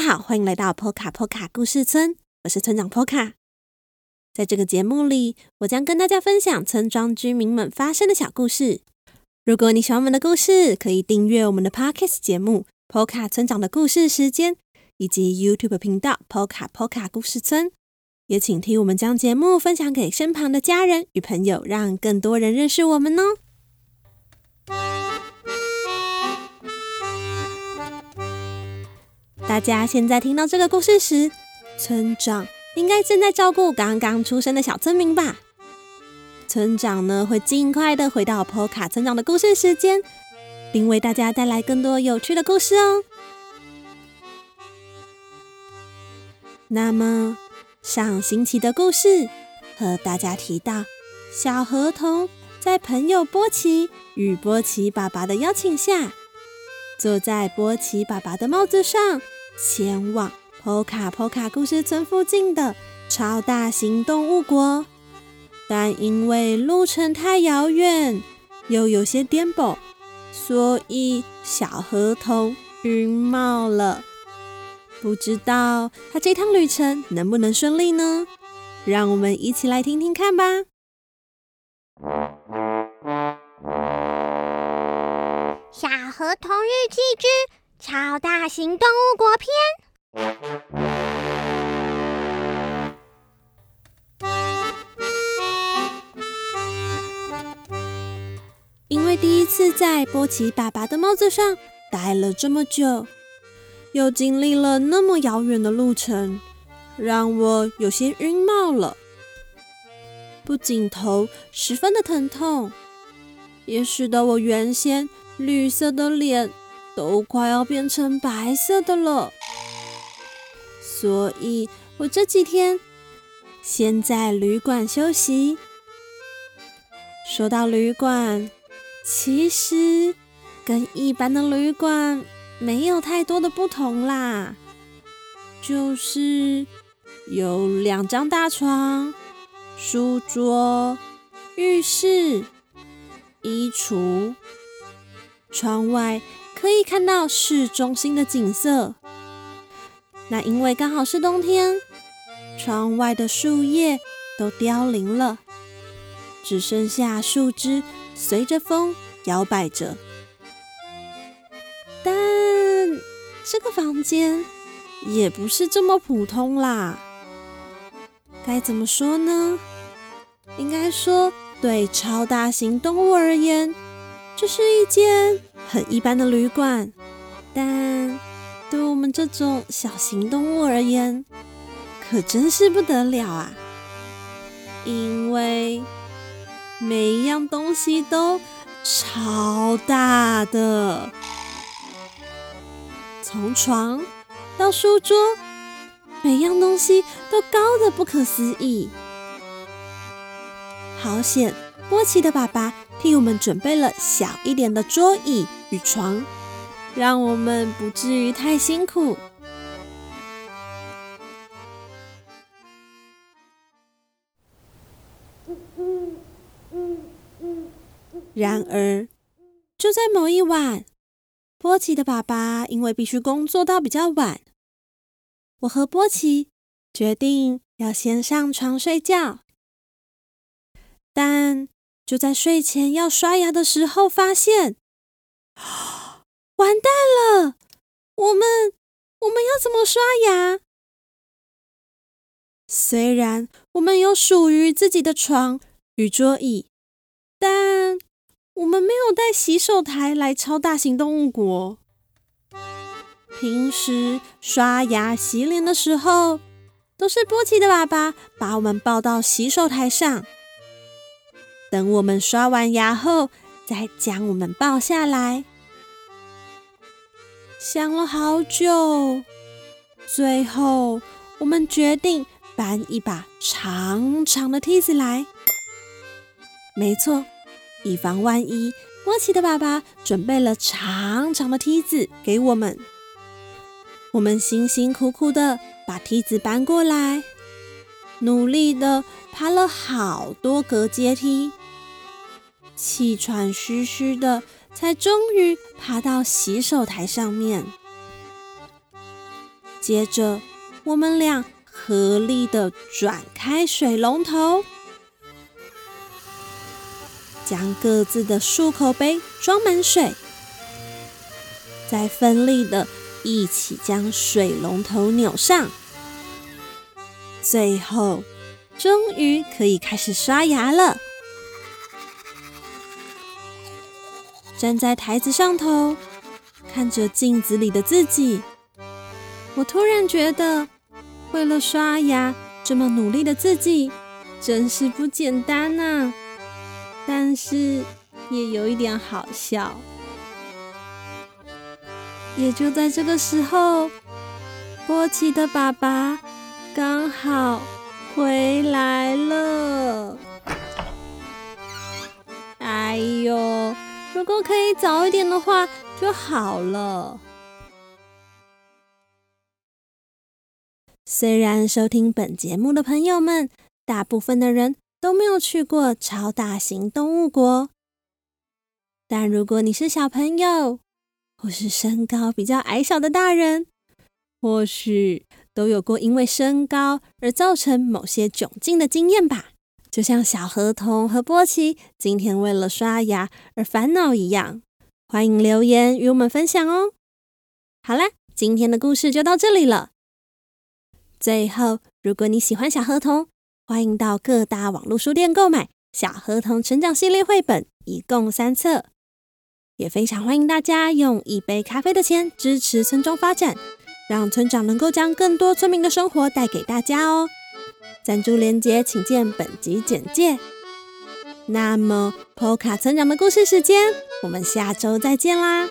大家好，歡迎來到波卡波卡故事村，我是村長波卡。在這個節目裡，我將跟大家分享村莊居民們發生的小故事。如果你喜歡我們的故事，可以訂閱我們的 Podcast 節目《波卡村長的故事時間》，以及 YouTube 頻道《波卡波卡故事村》。也請替我們將節目分享給身旁的家人與朋友，讓更多人認識我們哦。大家現在聽到這個故事時，村長應該正在照顧剛剛出生的小村民吧？村長呢，會盡快的回到波卡村長的故事時間，並為大家帶來更多有趣的故事哦。那麼上星期的故事和大家提到，小河童在朋友波奇與波奇爸爸的邀請下，坐在波奇爸爸的帽子上，前往 Poca Poca 故事村附近的超大型動物國，但因為路程太遙遠，又有些顛簸，所以小河童暈帽了。不知道他這趟旅程能不能順利呢？讓我們一起來聽聽看吧，《小河童日記之》。超大型動物國片。因為第一次在波奇爸爸的帽子上待了這麼久，又經歷了那麼遙遠的路程，讓我有些暈帽了。不僅頭十分的疼痛，也使得我原先綠色的臉。都快要變成白色的了，所以我這幾天先在旅館休息。說到旅館，其實跟一般的旅館沒有太多的不同啦，就是有兩張大床、書桌、浴室、衣櫥、窗外。可以看到市中心的景色。那因為剛好是冬天，窗外的樹葉都凋零了，只剩下樹枝隨着風搖擺着。但這個房間也不是這麼普通啦。該怎麼說呢？應該說，對超大型動物而言，這、就是一間，很一般的旅館，但對我們這種小型動物而言，可真是不得了啊！因為每一樣東西都超大的，從床到書桌，每樣東西都高得不可思議，好險！波奇的爸爸替我們準備了小一點的桌椅與床，讓我們不至於太辛苦。嗯嗯嗯嗯嗯、然而，就在某一晚，波奇的爸爸因為必須工作到比較晚，我和波奇決定要先上床睡覺，但。就在睡前要刷牙的時候，發現，完蛋了！我們我們要怎麼刷牙？雖然我們有屬於自己的床與桌椅，但我們沒有帶洗手台來超大型動物國。平時刷牙洗臉的時候，都是波奇的爸爸把我們抱到洗手台上。等我們刷完牙後，再將我們抱下來。想了好久，最後我們決定搬一把長長的梯子來。沒錯，以防萬一，波奇的爸爸準備了長長的梯子給我們。我們辛辛苦苦的把梯子搬過來。努力的爬了好多個階梯，氣喘吁吁的，才終於爬到洗手台上面。接着，我們倆合力的轉開水龍頭，將各自的漱口杯裝滿水，再奮力的一起將水龍頭扭上。最後，終於可以開始刷牙了。站在台子上頭，看着鏡子裡的自己，我突然覺得，為了刷牙這麼努力的自己，真是不簡單吶。但是也有一點好笑。也就在這個時候，波奇的爸爸。剛好回來了，哎呦，如果可以早一點的話就好了。雖然收聽本節目的朋友們，大部分的人都沒有去過超大型動物國，但如果你是小朋友，或是身高比較矮小的大人，或許。都有過因為身高而造成某些窘境的經驗吧？就像小河童和波奇今天為了刷牙而煩惱一樣，歡迎留言與我們分享哦。好啦，今天的故事就到這裡了。最後，如果你喜歡小河童，歡迎到各大網絡書店購買《小河童成長系列》繪本，一共三冊。也非常歡迎大家用一杯咖啡的錢支持村莊發展。讓村長能夠將更多村民的生活帶給大家哦。贊助鏈接請見本集簡介。那麼，Poca 村長的故事時間，我們下周再見啦！